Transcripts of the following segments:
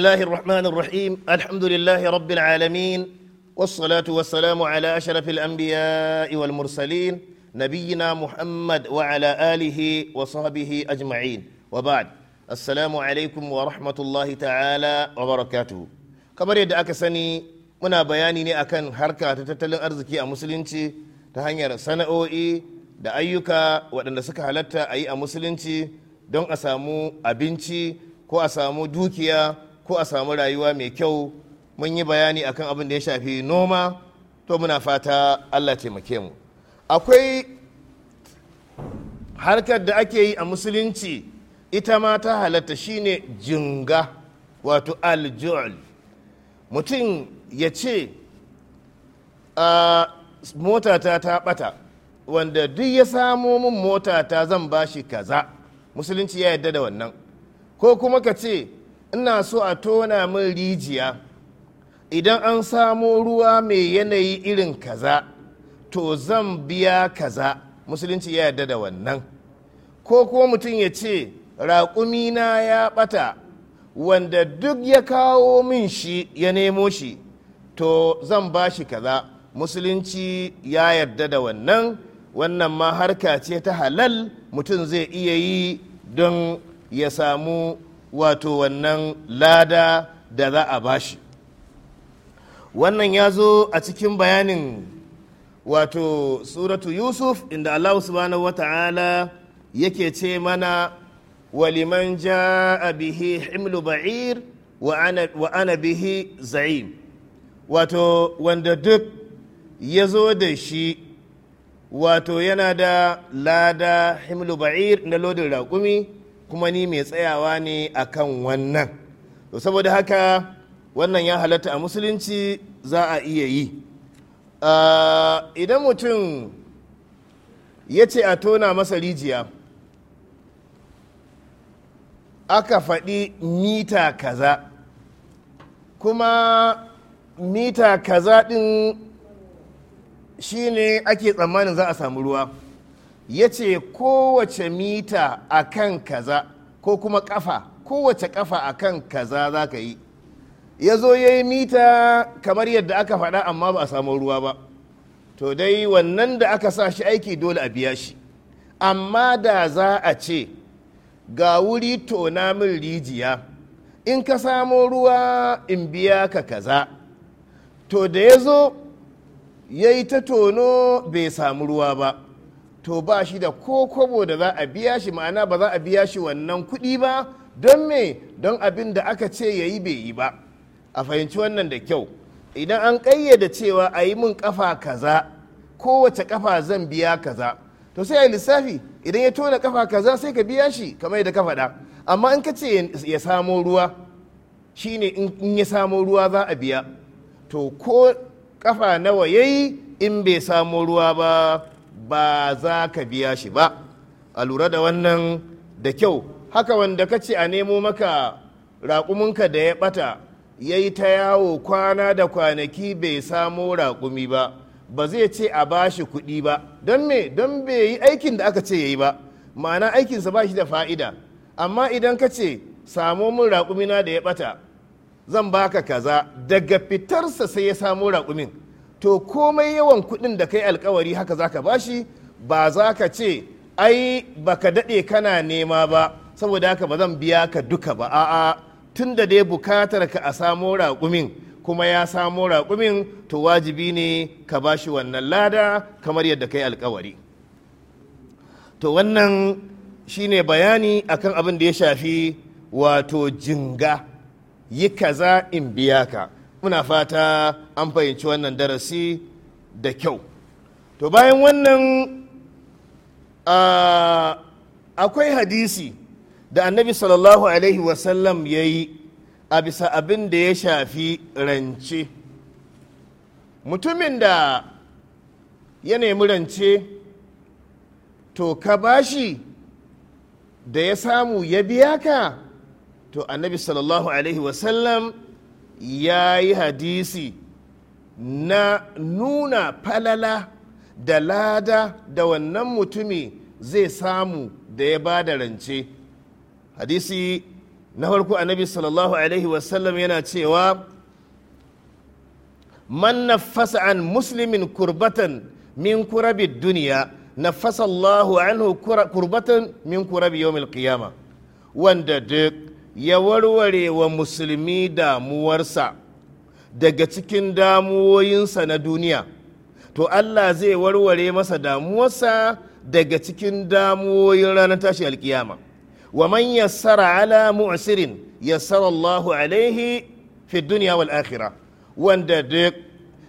الله الرحمن الرحيم الحمد لله رب العالمين والصلاة والسلام على أشرف الأنبياء والمرسلين نبينا محمد وعلى آله وصحبه أجمعين وبعد السلام عليكم ورحمة الله تعالى وبركاته كما يد أكسني منا بياني أكن حركة تتتل أرزكي أمسلنتي تهنير سنأوئي da ayyuka وأن suka halatta a yi a musulunci don ko a samu dukiya ko a samu rayuwa mai kyau mun yi bayani akan abin da ya shafi noma to muna fata allah taimake mu akwai harkar da ake yi a musulunci ita ma ta halatta shine jinga wato aljul mutum ya ce a motata ta bata wanda duk ya samo min motata zan bashi kaza musulunci ya yarda da wannan ko kuma ka ce ina so a tona min rijiya idan an samo ruwa mai yanayi irin kaza to zan biya kaza musulunci ya yarda da wannan ko ko mutum ya ce raƙumina ya ɓata wanda duk ya kawo min shi ya nemo shi to zan ba shi kaza musulunci ya yarda da wannan wannan ma harka ce ta halal mutum zai iya yi don ya samu wato wannan lada da za a bashi wannan ya zo a cikin bayanin wato suratu yusuf inda allah subhanahu wa ta'ala yake ce mana waliman ja'a bihi himlu ba'ir wa ana bihi za'im wato wanda duk ya zo da shi wato yana da lada himlu ba'ir na lodin raƙumi kuma ni mai tsayawa ne akan wannan to saboda haka wannan ya halatta a musulunci za a iya yi ah, idan mutum ya ce a tona masa rijiya aka faɗi mita kaza kuma mita kaza ɗin shine ake tsammanin za a samu ruwa ya ce kowace mita a kan kaza ko kuma kafa kowace kafa a kan kaza za ka yi ya zo ya yi mita kamar yadda aka faɗa amma ba a samu ruwa ba to dai wannan da aka sa shi aiki dole a biya shi amma da za a ce ga wuri tona min rijiya in ka samo ruwa in biya ka kaza to da ya zo ya yi ta tono bai samu ruwa ba to ba shi da ko kobo da za a biya shi ma'ana ba za a biya shi wannan kuɗi ba don me don abin da aka ce ya yi bai yi ba a fahimci wannan da kyau idan an ƙayyade cewa a yi min kafa kaza kowace kafa zan biya kaza to sai a lissafi idan ya tona kafa kaza sai ka biya shi kamar yadda ka faɗa amma in ka ce ya samo ruwa shine in ya samo ruwa za a biya to ko kafa nawa yayi in bai samo ruwa ba ba za ka biya shi ba a lura da wannan da kyau haka wanda ka ce a nemo maka raƙuminka da ya ɓata ya yi ta yawo kwana da kwanaki bai samo raƙumi ba ba zai ce a ba shi kuɗi ba don me don bai yi aikin da aka ce ya yi ba ma'ana aikinsa ba shi da fa'ida amma idan ka ce samo min raƙumina da ya ɓata zan baka kaza daga fitarsa sai ya samo raƙumin to komai yawan kuɗin da kai alkawari haka za ka bashi ba za ka ce ai baka daɗe kana nema ba saboda haka ba zan biya ka duka ba a'a tun da dai bukatar ka a samo raƙumin kuma ya samo raƙumin to wajibi ne ka bashi wannan lada kamar yadda kai alkawari to wannan shine bayani akan abin da ya shafi wato jinga yi kaza in biya ka muna fata an fahimci wannan darasi da kyau to bayan wannan akwai hadisi da annabi sallallahu alaihi wasallam ya yi a bisa abin da ya shafi rance mutumin da ya nemi rance to ka bashi da ya samu ya biya ka to annabi sallallahu alaihi wasallam ya yi hadisi na nuna falala da lada da wannan mutumi zai samu da ya ba da rance hadisi na farko annabi sallallahu alaihi wasallam yana cewa man nafasa an muslimin kurbatan min kurabi duniya nafasa Allahu anhu kurbatan min kurabi yawmil qiyama wanda duk ya warware wa musulmi damuwarsa daga cikin damuwoyinsa na duniya to Allah zai warware masa damuwarsa daga cikin damuwoyin ranar tashi alkiyama wa man yassara ala mu'sirin yassara Allahu alaihi fi duniya wal akhira wanda duk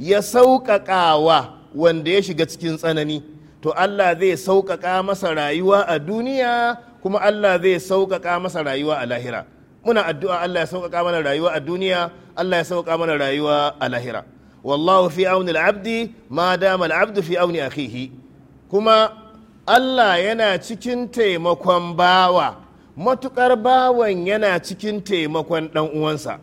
ya sauƙaƙawa wanda ya shiga cikin tsanani to Allah zai sauƙaƙa masa rayuwa a duniya kuma Allah zai sauƙaƙa masa rayuwa a lahira muna addu'a Allah ya sauƙaƙa mana rayuwa a duniya Allah ya sauƙaƙa mana rayuwa a lahira wallahu fi auni abdi ma dama abdu fi auni akhihi kuma Allah yana cikin taimakon bawa matukar bawan yana cikin taimakon dan uwansa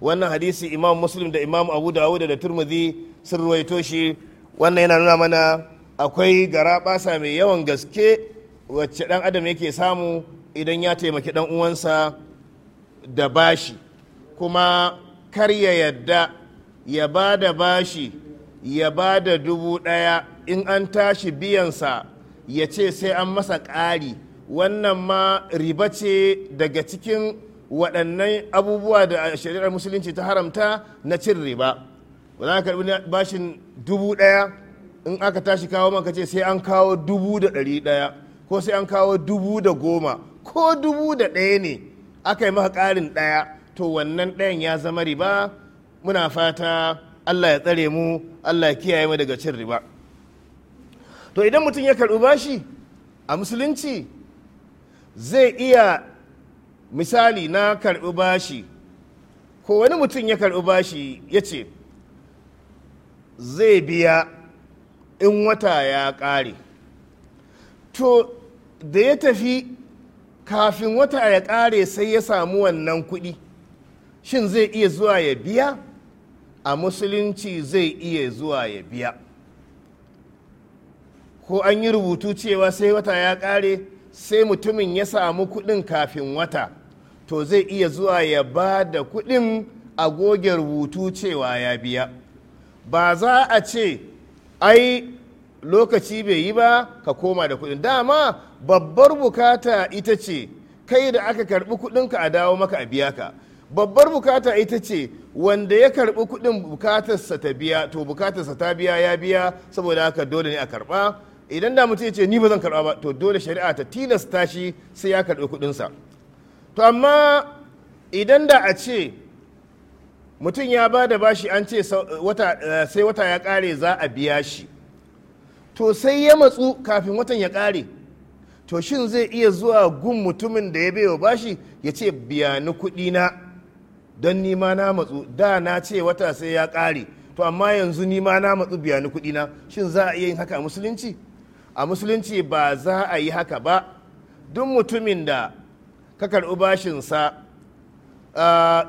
wannan hadisi imam muslim da imam abu dawud da turmuzi sun ruwaito shi wannan yana nuna mana akwai garaɓasa mai yawan gaske wacce ɗan adam yake samu idan ya taimaki ɗan uwansa da bashi kuma kar ya yadda ya ba da bashi ya ba da dubu ɗaya in an tashi biyansa ya ce sai an masa ƙari wannan ma riba ce daga cikin waɗannan abubuwa da shari'ar musulunci ta haramta na cin riba ba za ka karɓi bashin dubu ɗaya in aka tashi kawo man ce sai an kawo dubu da ɗari ɗaya ko sai an kawo dubu da goma ko dubu da ɗaya ne aka yi maka ƙarin ɗaya to wannan ɗayan ya zama riba muna fata allah ya tsare mu allah ya kiyaye mu daga cin riba to idan mutum ya karɓi bashi a musulunci zai iya misali na karɓi bashi ko wani mutum ya karɓi bashi ya ce zai biya in wata ya ƙare to da ya tafi kafin wata ya ƙare sai ya samu wannan kuɗi shin zai iya zuwa ya biya a musulunci zai iya zuwa ya biya ko an yi rubutu cewa sai wata ya ƙare sai mutumin ya samu kuɗin kafin wata to zai iya zuwa ya ba da kuɗin a goge rubutu cewa ya biya ba za a ce ai lokaci bai yi ba ka koma da kuɗin dama babbar bukata ita ce kai da aka karɓi kuɗinka a dawo maka a biya ka babbar bukata ita ce wanda ya karbi kuɗin bukatarsa ta biya to bukatarsa ta biya ya biya saboda haka dole ne a karɓa idan da mutum ya ce ni ba zan karɓa ba to dole shari'a ta tilasta shi sai ya karɓi kuɗinsa to amma idan da a ce mutum ya ba da bashi an ce eh, sai wata ya kare za a biya shi to sai ya matsu kafin watan ya ƙare to shin zai iya zuwa gun mutumin da ya baiwa bashi ya ce biya ni kuɗi na don nima na matsu da na ce wata sai ya ƙare to amma yanzu nima na matsu biya ni kuɗi na shin za a iya yin haka a musulunci a musulunci ba za a yi haka ba duk mutumin da ka karɓi bashinsa ah,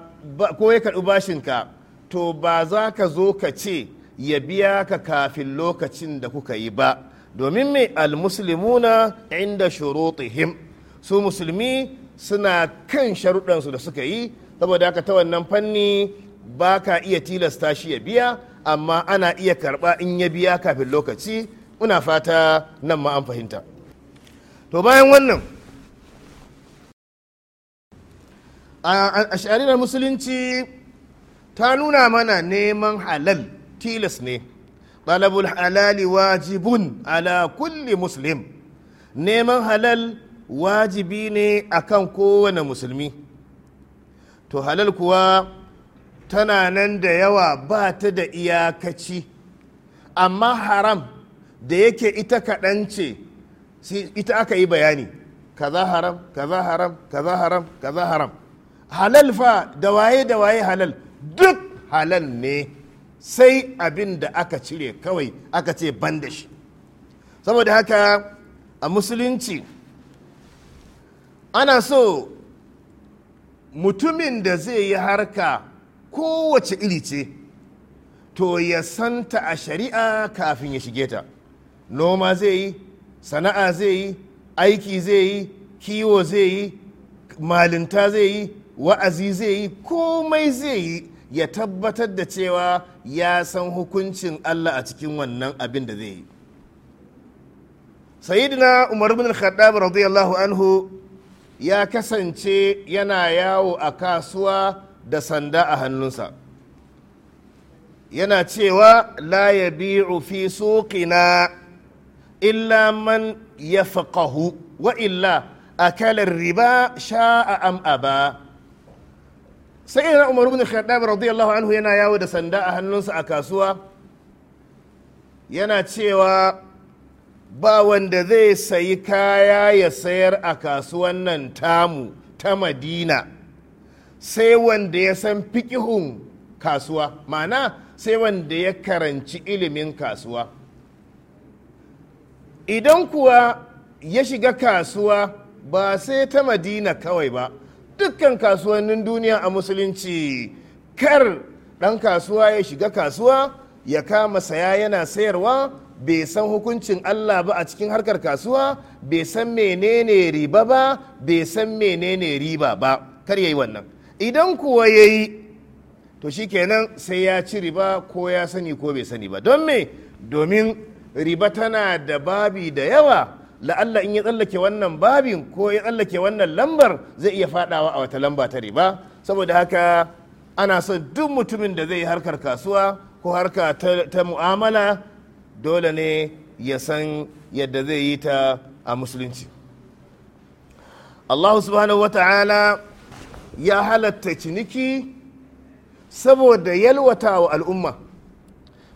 ko ya karɓi ka, to ba za ka zo ka ce ya biya ka kafin lokacin da kuka yi ba domin mai almuslimuna inda shurutihim su musulmi suna kan sharuɗansu da suka yi saboda aka ta wannan fanni ba ka iya tilasta shi ya biya amma ana iya karɓa in ya biya kafin lokaci una fata nan ma an fahimta to bayan wannan a shari'ar musulunci ta nuna mana neman halal tilas ne ɗalabul halali wajibun ala kulli muslim neman halal wajibi ne akan kowane musulmi to halal kuwa tana nan da yawa ba ta da iyakaci amma haram da yake ita kaɗan ce ita aka yi bayani kaza haram kaza haram kaza haram kaza haram halal fa da waye da waye halal duk halal ne sai abin da aka cire kawai aka ce ban da shi saboda haka a musulunci ana so mutumin da zai yi harka kowace iri ce to ya santa a shari'a kafin ya shige ta noma zai yi sana'a zai yi aiki zai yi kiwo zai yi malinta zai yi wa'azi zai yi komai zai yi ya tabbatar da cewa ya san hukuncin Allah a cikin wannan abin da zai yi sayidina umar bin khattab radiyallahu anhu ya kasance yana yawo a kasuwa da sanda a hannunsa yana cewa la ya bi'u fi suqina illa man ya faƙahu wa illa akalar riba sha'a am aba sai na umar bin khattab radiyallahu anhu yana yawo da sanda a hannunsa a kasuwa yana cewa ba wanda zai sayi kaya ya sayar a kasuwan nan tamu ta madina sai wanda ya san fikihun kasuwa ma'ana sai wanda ya karanci ilimin kasuwa idan kuwa ya shiga kasuwa ba sai ta madina kawai ba dukkan kasuwannin duniya a musulunci kar ɗan kasuwa ya shiga kasuwa ya kama saya yana sayarwa bai san hukuncin Allah ba a cikin harkar kasuwa bai san menene riba ba bai san menene riba ba kar ya yi wannan idan kuwa ya yi to shikenan sai ya ci riba ko ya sani ko bai sani ba don me domin riba tana da babi da yawa la'alla in ya tsallake wannan babin ko ya tsallake wannan lambar zai iya fadawa a wata lamba ta riba saboda haka ana son duk mutumin da zai yi harkar kasuwa ko harka ta, mu'amala dole ne ya san yadda zai yi ta a musulunci allahu subhanahu wa ta'ala ya halatta ciniki saboda yalwata wa al'umma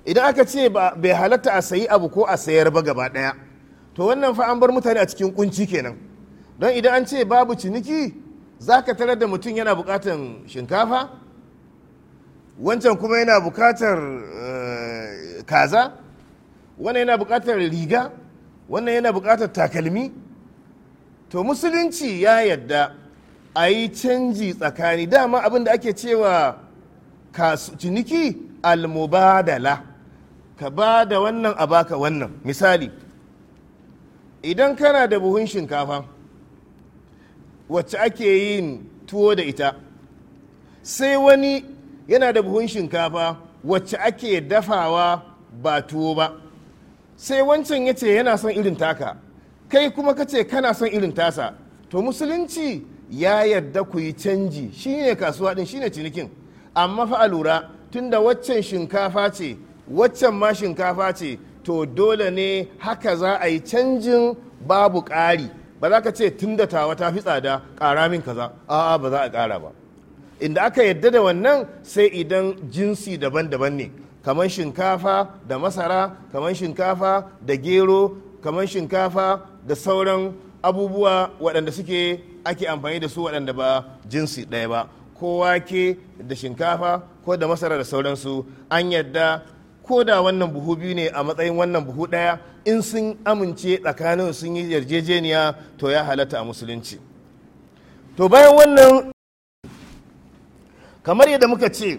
idan aka ce bai halatta a sayi abu ko a sayar ba gaba ɗaya to wannan fa an bar mutane a cikin kunci kenan don idan an ce babu ciniki za ka tarar da mutum yana bukatar shinkafa wancan kuma yana bukatar eh, kaza wannan yana bukatar riga wannan yana bukatar takalmi to musulunci ya yadda a yi canji tsakani dama abin da ake cewa ciniki almubadala ka ba da wannan a baka wannan misali idan kana da buhun shinkafa wacce ake yin tuwo da ita sai wani yana da buhun shinkafa wacce ake dafawa ba tuwo ba sai wancan ya ce yana son irin taka kai kuma ka ce kana son irin tasa to musulunci ya yarda ku yi canji shine kasuwa din shine cinikin amma fa a lura tunda waccan shinkafa ce waccan ma shinkafa ce to dole ne haka za a yi canjin babu ƙari ba za ka ce tun da tawa ta fi tsada ƙara min kaza a'a ba za a ƙara ba inda aka yadda da wannan sai idan jinsi daban-daban ne kamar shinkafa da masara kamar shinkafa da gero kamar shinkafa da sauran abubuwa waɗanda suke ake amfani da su waɗanda ba jinsi ɗaya ba ko wake da shinkafa ko da masara da sauransu an yadda ko da wannan buhu biyu ne a matsayin wannan buhu ɗaya in sun amince tsakanin sun yi yarjejeniya to ya halatta a musulunci to bayan wannan kamar yadda muka ce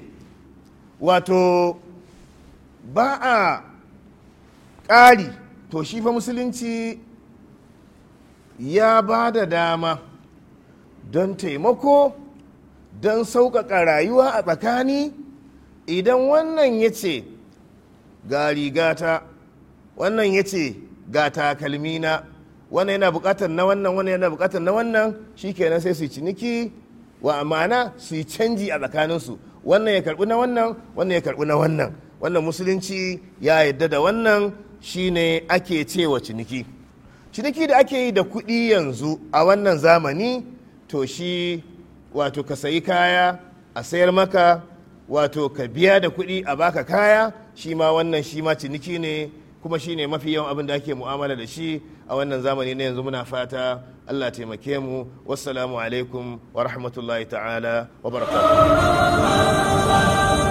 wato ba a ƙari to shi fa musulunci ya ba da dama don taimako don sauƙaƙa rayuwa a tsakani idan wannan ya ce ga rigata wannan ya ce ga takalmina wannan yana bukatar na wannan wannan yana bukatar na wannan shikenan sai su ciniki wa amana su yi canji a tsakaninsu wannan ya karbi na wannan wannan ya karbi na wannan wannan musulunci ya yadda da wannan shine ake cewa ciniki ciniki da ake yi da kuɗi yanzu a wannan zamani to shi wato ka sayi kaya a sayar maka wato ka biya da kuɗi a baka kaya shi ma wannan shi ma ciniki ne kuma shi ne mafi yawan abin da ake mu'amala da shi a wannan zamani na yanzu muna fata allah taimake mu wassalamu alaikum wa rahmatullahi ta'ala wa barakatuh